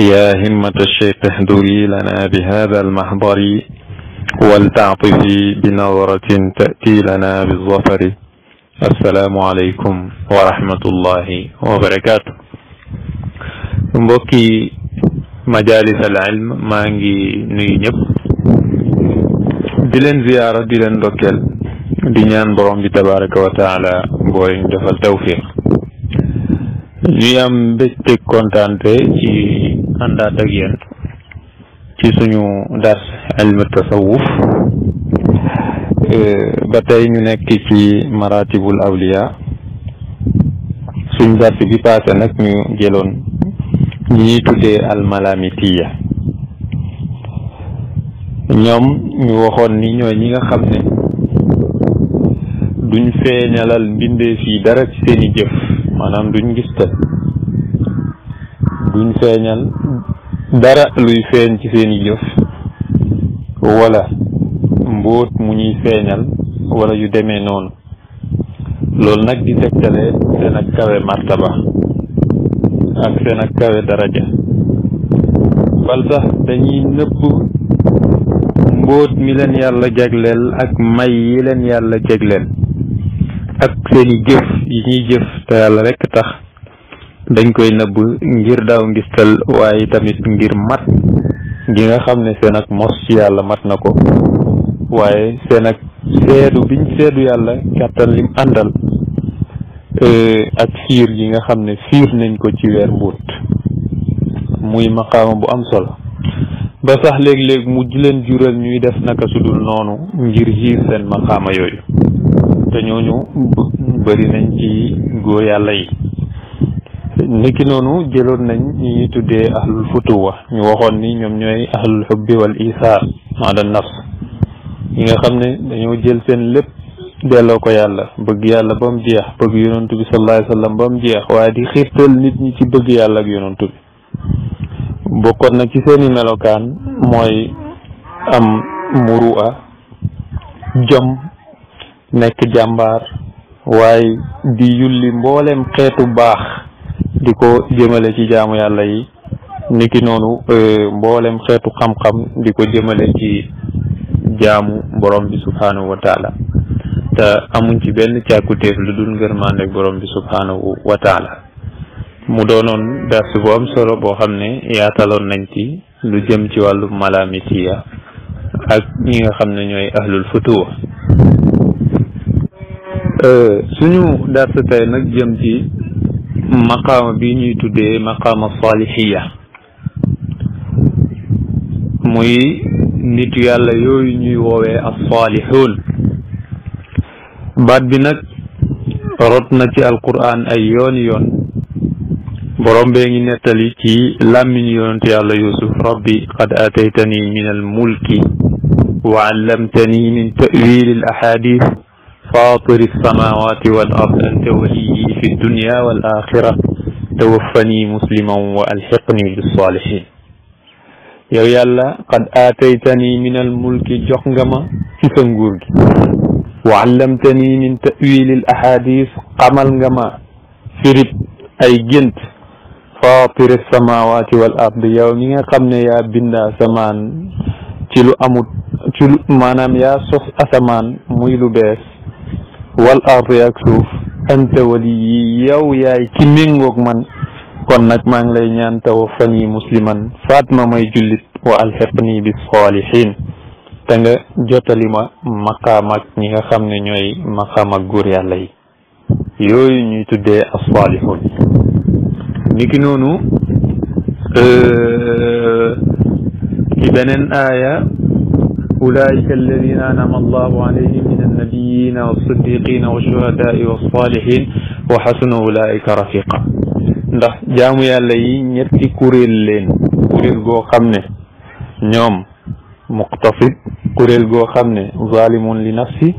يا همة الشيخ اهدري لنا بهذا المحضر ولتعطفي بنظرة تأتي لنا بالظفر السلام عليكم ورحمة الله وبركاته بوكي مجالس العلم مانجي نينب دلن زيارة دلن دوكل دنيان بروم تبارك وتعالى بوين دفل توفيق نيام بيتك كونتانتي àndaat ak yéen ci suñu dars tasawuf euh, ba tey ñu nekk ci maratibul awliya suñ dars bi paase nag ñu jëloon ñi ñuy tuddee almalamitiya ñoom ñu waxoon ni ñooy ñi nga xam ne duñ feeñalal mbindeef yi dara ci seeni jëf maanaam duñ gis tal duñ feeñal dara luy feeñ ci seeni jëf wala mbóot mu ñuy feeñal wala yu demee noonu loolu nag di tegtale seen ak kawe martaba ak seen ak kawe daraja bal sax dañuy nëbb mbóot mi leen yàlla jagleel ak may yi leen yàlla jagleel ak seeni jëf yi ñuy jëf te yàlla rekk tax dañ koy nëbb ngir daaw ngistal waaye tamit ngir mat gi nga xam ne seen ak mos yàlla mat na ko waaye seen ak seedu biñ seedu yàlla kàttan lim àndal eh, ak fiir yi nga xam ne fiir nañ ko ci weer mbuut muy maqaama bu am solo ba sax léeg-léeg mu di leen jural ñuy def naka sudul noonu ngir xiir seen maqaama yooyu te ñooñu bëri nañ ci góor yàlla yi niki noonu jëloon nañ ñi ñuy tuddee ahlul futuwa ñu waxoon ni ñoom ñooy ahlul xubbi wal isaar maada nafs ñi nga xam ne dañoo jël seen lépp delloo ko yàlla bëgg yàlla ba mu jeex bëgg yonantu bi sallallahu alayhi wasallam jeex waaye di xiirtal nit ñi ci bëgg yàlla ak yonantu bi bokkoon nag ci seeni melokaan mooy am muru'a jom nekk jàmbaar waaye di yulli mboolem xeetu baax di ko jëmale ci jaamu yàlla yi niki noonu euh, mboolem xeetu xam-xam di ko jëmale ci jaamu borom bi subhaanahu wa taala te amuñ ci benn càkkutéef lu dul ngërmande borom bi subhaanahu wa taala mu doonoon dars bu am solo boo xam ne yaataloon nañ ci lu jëm ci wàllu malamisiya ak ñi nga xam ne ñooy ahlul futuwa euh, suñu dars tey nag jëm ci مقام بيني تودي مقام الصالحية موي نيت يالا يوي ني ووي الصالحون بعد بينك رتنا تي القران أيون يون يون بروم بيغي نيتالي تي لامين يون تي يالا يوسف ربي قد اتيتني من الملك وعلمتني من تاويل الاحاديث فاطر السماوات والأرض أنت ولي في الدنيا والآخرة توفني مسلما وألحقني بالصالحين يا يلا قد آتيتني من الملك جخنغما في سنجور وعلمتني من تأويل الأحاديث قملغما في رب أي جنت فاطر السماوات والأرض يومي قمنا يا بنا سمان تلو أمود تلو منام يا سوس أسمان ميلو بس wal ardi ak suuf anta wali yi yow yaay ci méngoog man kon nag maa ngi lay ñaan tawaffani musliman faatma may jullit wa alxiqni bi saalihin te nga jotali ma maqaam ak ñi nga xam ne ñooy maqaam ak góor yàlla yi yooyu ñuy tuddee as-saalihun niki noonu euh, ci beneen aaya ulaika alladina anama من النبيين والصديقين والشهداء والصالحين وحسن أولئك رفيقا ndax jaamu yàlla yi ñetti kuréel leen kuréel goo xam ne ñoom muqtasid kuréel goo xam ne zalimun li nafsi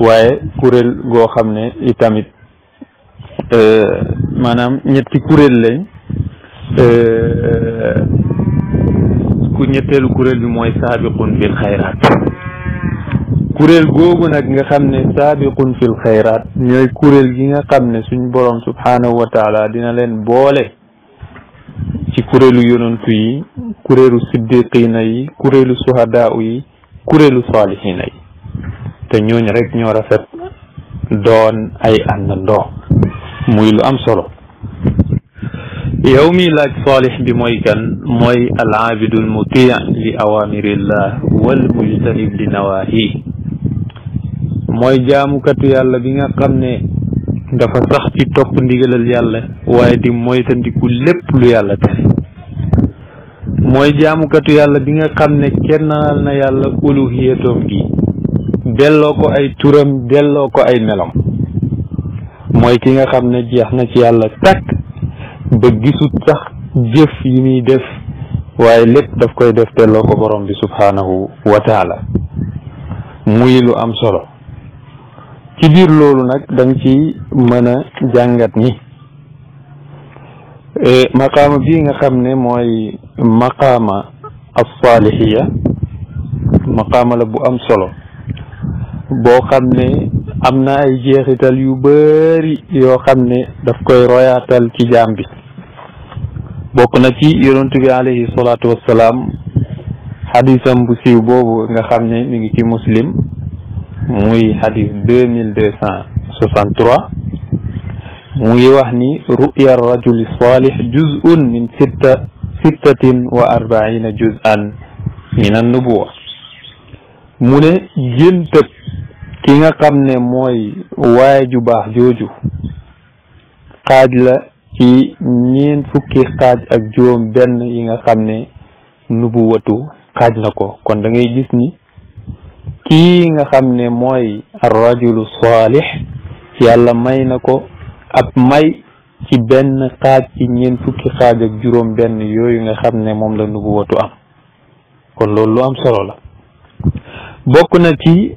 waaye kuréel goo xam ne itamit euh, maanaam ñetti kuréel lañ euh, ku ñetteelu kuréel bi mooy saabiqun bil xayraat kuréel googu nag nga xam ne saabiqun fil xayraat ñooy kuréel gi nga xam ne suñ borom subhaanahu wa taala dina leen boole ci kuréelu yonantu yi kuréelu siddiqiina yi kuréelu suhadaau yi kuréelu saalihiina yi te ñooñ rek ñoo rafet doon ay àndandoo muy lu am solo yow mi laaj saalix bi mooy kan mooy al aabidu al mutii li awamirillah wal mujtanib li nawahi mooy jaamukatu yàlla bi nga xam ne dafa sax ci topp ndigalal yàlla waaye di moytandiku lépp lu yàlla tere mooy jaamukatu yàlla bi nga xam ne kenn kennal na yàlla uluhiyatoom gi delloo ko ay turam delloo ko ay melam mooy ki nga xam ne jeex na ci yàlla takk ba gisut sax jëf yi muy def waaye lépp daf koy def delloo ko borom bi subhaanahu wa taala muy lu am solo ci biir loolu nag dañ ci mën a jàngat ni e, maqaama bii nga xam ne mooy maqaama alsaalihiya maqaama la bu am solo boo xam ne am na ay jeexital yu bëri yoo xam ne daf koy royaatal ci jaam bi bokk na ci yonent bi alayhi salaatu wassalaam xadisam bu boobu nga xam ne ñu ngi ci muslim muy xadis deux mille deux cent soixante trois mu ngi wax ni ruya rajuli salih juz'un min sitta sittatin wa arbaina juz'an min annubuwa mu ne géntëb ki nga xam ne mooy waay ju baax jooju xaaj la ci ñeen fukki xaaj ak juróom benn yi nga xam ne nubuwatu xaaj na ko kon da gis ni kii nga xam ne mooy arrajulu saalix yàlla may na ko ab may ci benn xaaj ci ñeent fukki xaaj ak juróom benn yooyu nga xam ne moom la nubuwatu am kon loolu lu am solo la bokk na ci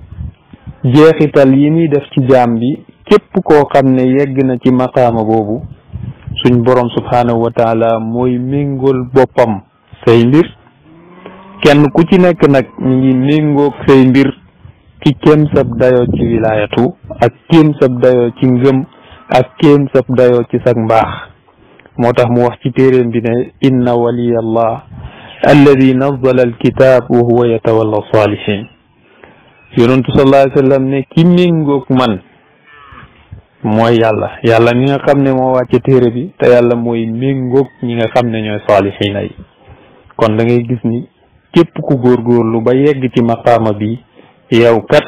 jeexital yi muy def ci jaam bi képp koo xam ne yegg na ci maqaama boobu suñ boroom subhaanahu wa taala mooy mingool boppam say mbir kenn ku ci nekk nag ñu ngi méngook say mbir ci kéem sab dayoo ci wilaayatu ak kéem sab dayoo ci ngëm ak kéem sab dayoo ci sag mbaax moo tax mu wax ci téeréem bi ne inna waliya allah alladi nazzala alkitab wa huwa ne ki méngoog man mooy yàlla yàlla mi nga xam ne moo wàcce téere bi te yàlla mooy méngoog ñi nga xam ne ñooy saalihiina yi kon da gis ni képp ku góor góorgóorlu ba yegg ci maqaama bi yow kat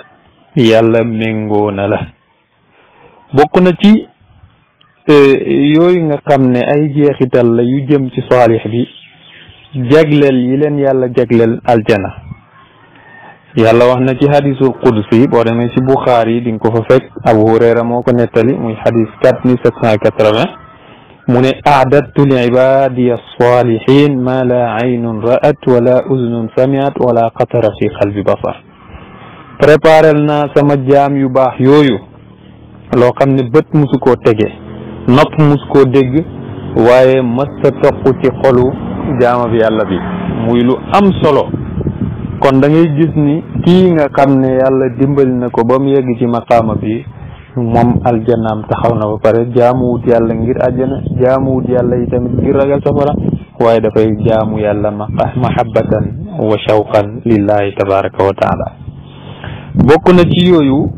yàlla méngoo na la bokk na ci e, yooyu nga xam ne ay jeexital la yu jëm ci saalix bi jagleel yi leen yàlla jagleel aljana yàlla wax na ci xadisul qudsi boo demee ci buxaar yi di nga ko fa fekk abu hurayra moo ko nettali muy xadis quatre mille sept cent quatre-vingt mu ne aadattu li ibadiya salihin ma la aynun ra'at wala uznun samiat wala xatara fi qalbi basar préparel naa sama jaam yu baax yooyu loo xam ne bët musu koo tege nopp musu koo dégg waaye mësta toq ci xolu jaama bi yàlla bi muy lu am solo kon da gis ni kii nga xam ne yàlla dimbali na ko ba mu yegg ci maqaama bi moom aljanaam taxaw na ba pare jaamuwut yàlla ngir àjjana jaamuwut yàlla yi tamit ngir ragal safara waaye dafay jaamu yàlla mahabbatan wa shawqan lillahi tabaraka wa taala bokk na ci yooyu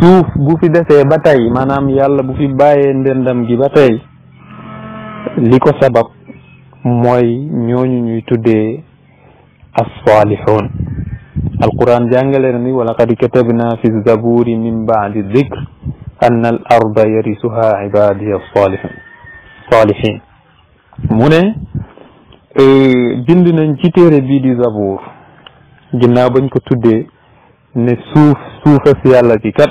suuf bu fi desee ba tey maanaam yàlla bu fi bàyyee ndëndam gi ba tey li ko sabab mooy ñooñu ñuy tuddee as alquran jàngale na ni wa laqad katabna fi zaburi min ba'di dhikr anna al arda yarisuha ibadiya salihin salihin mu ne e, bind nañ ci téere bii di zabour ginnaaw bañ ko tuddee ne suuf suufa si yàlla ci kat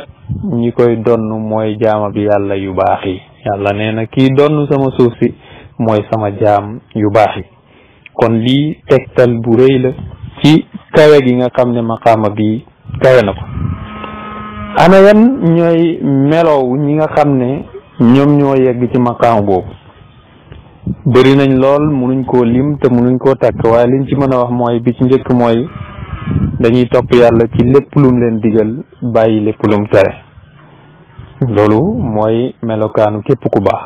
ñi koy donn mooy jaama bi yàlla yu baax yi yàlla nee kii donn sama suuf si mooy sama jaam yu baax yi kon lii tegtal bu rëy kawe gi nga xam ne maqaama bi kawe na ko ana yan ñooy melow ñi nga xam ne ñoom ñoo yegg ci maqaama boobu bëri nañ lool munuñ koo lim te munuñ koo takk waaye liñ ci mën a wax mooy bi ci njëkk mooy dañuy topp yàlla ci lépp lum leen digal bàyyi lépp tere loolu mooy melokaanu képp ku baax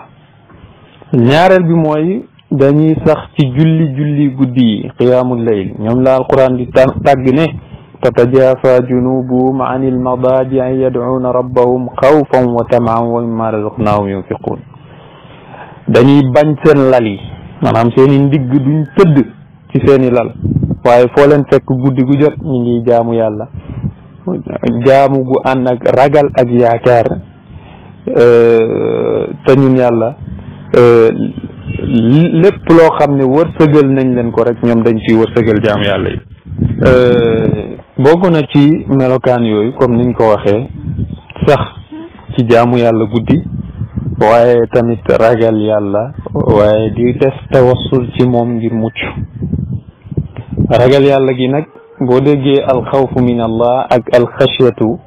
ñaareel bi mooy dañuy sax ci julli julli guddi yi qiyaamul layl ñoom la alquran di tàgg ne tatajafa junubuhum an ilmadaaji'i yad'uuna rabbahum xawfan wa tamaan wa mimma razaqnaahum yunfiquun dañuy bañ seen lal yi maanaam seen i ndigg duñ tëdd ci seen i lal waaye foo leen fekk guddi gu jot ñu ngi jaamu yàlla jaamu gu ànd ak ragal ak yaakaar te ñun yàlla lépp loo xam ne wërsëgal nañ leen ko rek ñoom dañ ciy wërsëgal jaam yàlla yi euh, bokk na ci melokaan yooyu comme niñ ko waxee sax ci jaamu yàlla guddi waaye tamit ragal yàlla waaye di def tawassul ci moom ngir mucc ragal yàlla gi nag boo déggee alxawfu min allah ak alxashyatu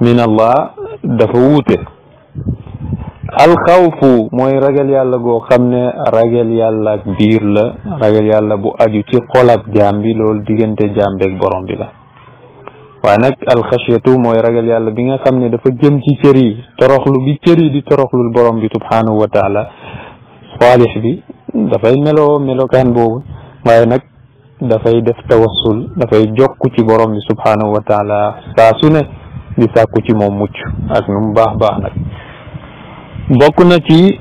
min allah dafa wuute alxawfu mooy ragel yàlla goo xam ne ragal yàlla ak biir la ragal yàlla bu aju ci xol ak jaam bi loolu diggante jaam beeg bi la waaye nag alxasiyatu mooy ragal yàlla bi nga xam ne dafa jëm ci cër yi toroxlu bi cër yi di toroxlul borom bi subhaanahu wa taala saalix bi dafay meloo melokaan boobu waaye nag dafay def tawassul dafay jokku ci borom bi subhaanahu wa taala saa su ne di sàkku ci moom mucc ak nu mu baax baax nag bokk na ci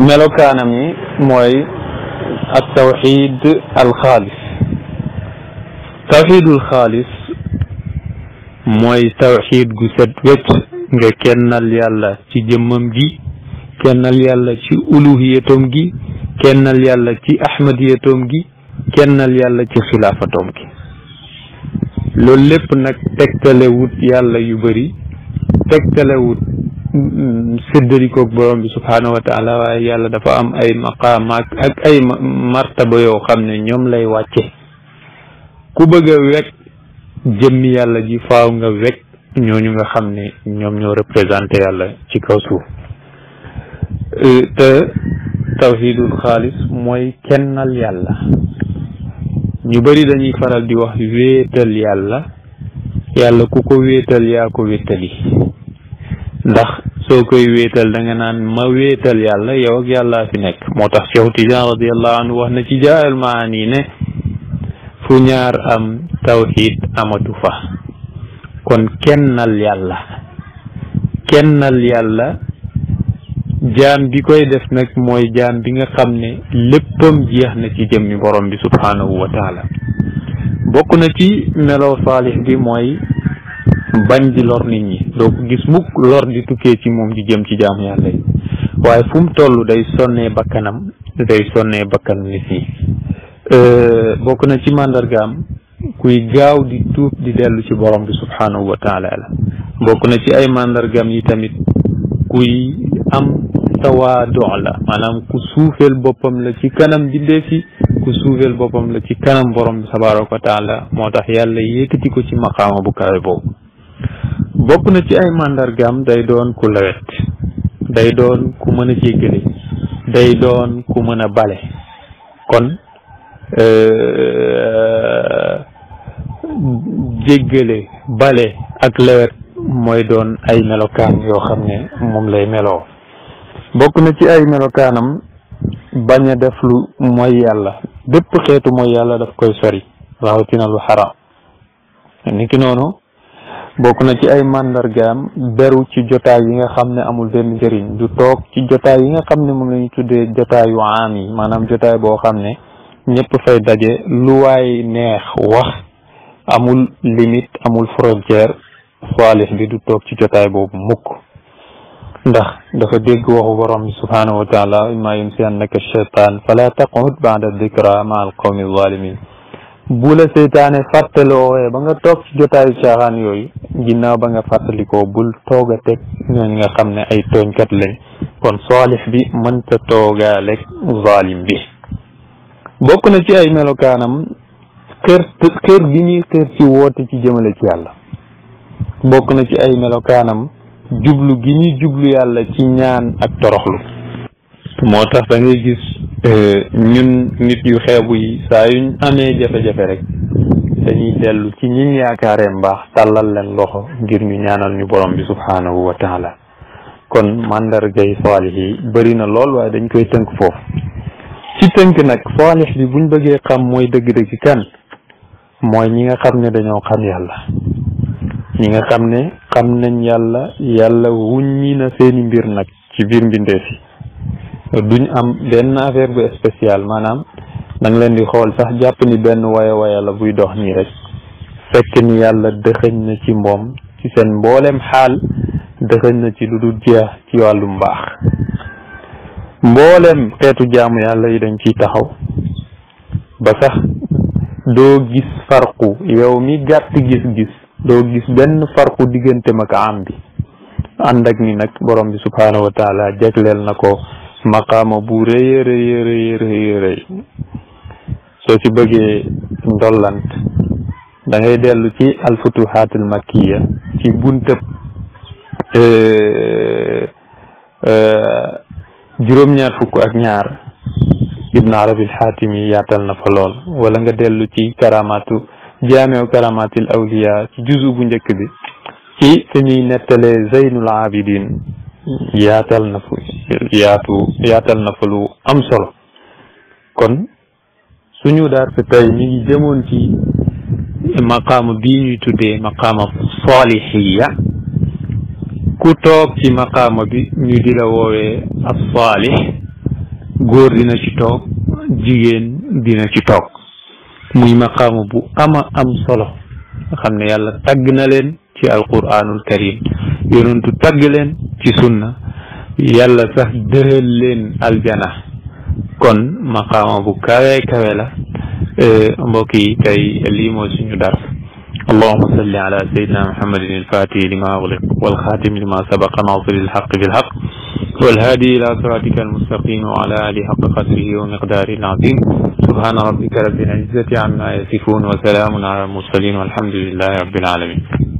melokaanam yi mooy al tawxid al xaalis tawxidul xaalis mooy tawxid gu set wecc nga kennal yàlla ci jëmmam gi kennal yàlla ci uluhiyatoom gi kennal yàlla ci ahmadiyatoom gi kennal yàlla ci xilaafatoom gi loolu lépp nag tegtalewut yàlla yu bëri tegtalewut séddarikoog borom bi subhaanahu wa yàlla dafa am ay maqaamaak ak ay martaba yoo xam ne ñoom lay wàcce ku bëgg a wekk jëmmi yàlla ji faaw nga wekk ñooñu nga xam ne ñoom ñoo représenté yàlla ci kaw suuf euh, te tawhidul xaalis mooy kennal yàlla ñu bari dañuy faral di wax wéetal yàlla yàlla ku ko wéetal yaa ko wéttali ndax soo koy wéetal da naan ma wéetal yàlla yow ak yàllaa fi nekk moo tax Cheikh Tidiane radiallahu anhu wax na ci jaayal maani ne fu ñaar am tawxiid amatu fa kon kennal yàlla kennal yàlla jaam bi koy def nag mooy jaam bi nga xam ne léppam jeex na ci jëmmi borom bi subhaanahu wa bokk na ci melow saalix bi mooy bañ di lor nit ñi doo ko gis mukk lor di tukkee ci moom di jëm ci jaamu yàlla yi waaye fu mu toll day sonnee bakkanam day sonnee bakkan nit ñi euh, bokk na ci màndargam kuy gaaw di tuub di dellu ci borom bi subhaanahu wa taala la bokk na ci ay màndargam yi tamit kuy am dox la maanaam ku suufeel boppam la ci kanam bindee fi ku suufeel boppam la ci kanam borom bi tabaaraka wa moo tax yàlla yékkati ko ci maqaama bu kawe boobu bokk na ci ay màndargaam day doon ku lawet day doon ku mën a jéggale day doon ku mën a bale kon euh, jéggale bale ak lewet mooy doon ay melokaan yoo xam ne moom lay meloo bokk na ci ay melokaanam bañ a def lu mooy yàlla bépp xeetu mooy yàlla daf koy sori rawatina lu xaraam niki noonu bokk na ci ay màndargaam beru ci jotaay yi nga xam ne amul benn njëriñ du toog ci jotaay yi nga xam ne moom la ñu tuddee jotaayu aam maanaam jotaay boo xam ne ñëpp fay daje lu waay neex wax amul limite amul frontière saalix bi du toog ci jotaay boobu mukk ndax dafa dégg waxu borom bi subhaanahu wa taala imma yunsi annaka cheytaan fala taqud baada dikra ma al qawmi zalimin bu la seytaane fàttaloowee ba nga toog ci jotaayu caaxaan yooyu ginnaaw ba nga fàttalikoo bul toog a teg nga xam ne ay tooñkat lañ kon saalix bi mën mënta toogaaleeg zalim bi bokk na ci ay melokaanam kër kër gi ñuy kër ci woote ci jëmale ci yàlla bokk na ci ay melokaanam jublu gi ñuy jublu yàlla ci ñaan ak toroxlu moo tax da ngay gis euh, ñun nit yu xeebu yi saa yuñ amee jafe-jafe rek dañuy dellu ci ñiñ yaakaaree mbaax tàllal leen loxo ngir ñu ñaanal ñu borom bi subhaanahu wa taala kon mandargay saalix yi bëri na lool waaye dañ koy tënk foofu ci tënk nag saalix bi buñ bëggee xam mooy dëgg-dëgg kan mooy ñi nga xam ne dañoo xam yàlla ñi nga xam ne xam nañ yàlla yàlla wuññi na seeni mbir nag ci biir mbindeef yi duñ am benn affaire bu spécial maanaam da leen di xool sax jàpp ni benn waya waya la buy dox nii rek fekk ni yàlla dëxëñ na ci moom ci seen mboolem xaal dëxëñ na ci lu dul jeex ci wàllum mbaax mboolem xeetu jaamu yàlla yi dañ ciy taxaw ba sax doo gis farqu yow mi gàtt gis-gis doo gis benn farqu diggante ma ka am bi ànd ak ni nag borom bi subhaanahu wa taala jagleel na ko maqaama bu rëy rëy rëy rëy soo ci bëggee ndollant dangay ngay dellu ci alfutuhaatul makkiya ci buntëb euh, euh, juróom-ñaar fukk ak ñaar ibn arabi alxaatimi yaatal na fa lool wala nga dellu ci karamatu jaameu karamatil awliya ci juzu bu njëkk bi ci fi ñuy nettalee zeynul abidin yaatal na yaatal na fa lu am solo kon suñu daar si tey mi ngi jëmoon ci maqaama bi ñuy tuddee maqaama saalixiya ku toog ci maqaama bi ñu di la woowee ab saalix góor dina ci toog jigéen dina ci toog muy maqaama bu ama am solo xam ne yàlla tagg na leen ci alquranul karim يرون tagg في سنة يلا yàlla الجنة dëhal مقام أبو kon maqaama أمبوكي kawe اللي la eh, mbokk اللهم صل على سيدنا محمد الفاتح لما أغلق والخاتم لما سبق ناصر الحق في الحق والهادي إلى صراطك المستقيم وعلى آله حق قدره ومقداره العظيم سبحان ربك رب العزة عما يصفون وسلام على المرسلين والحمد لله رب العالمين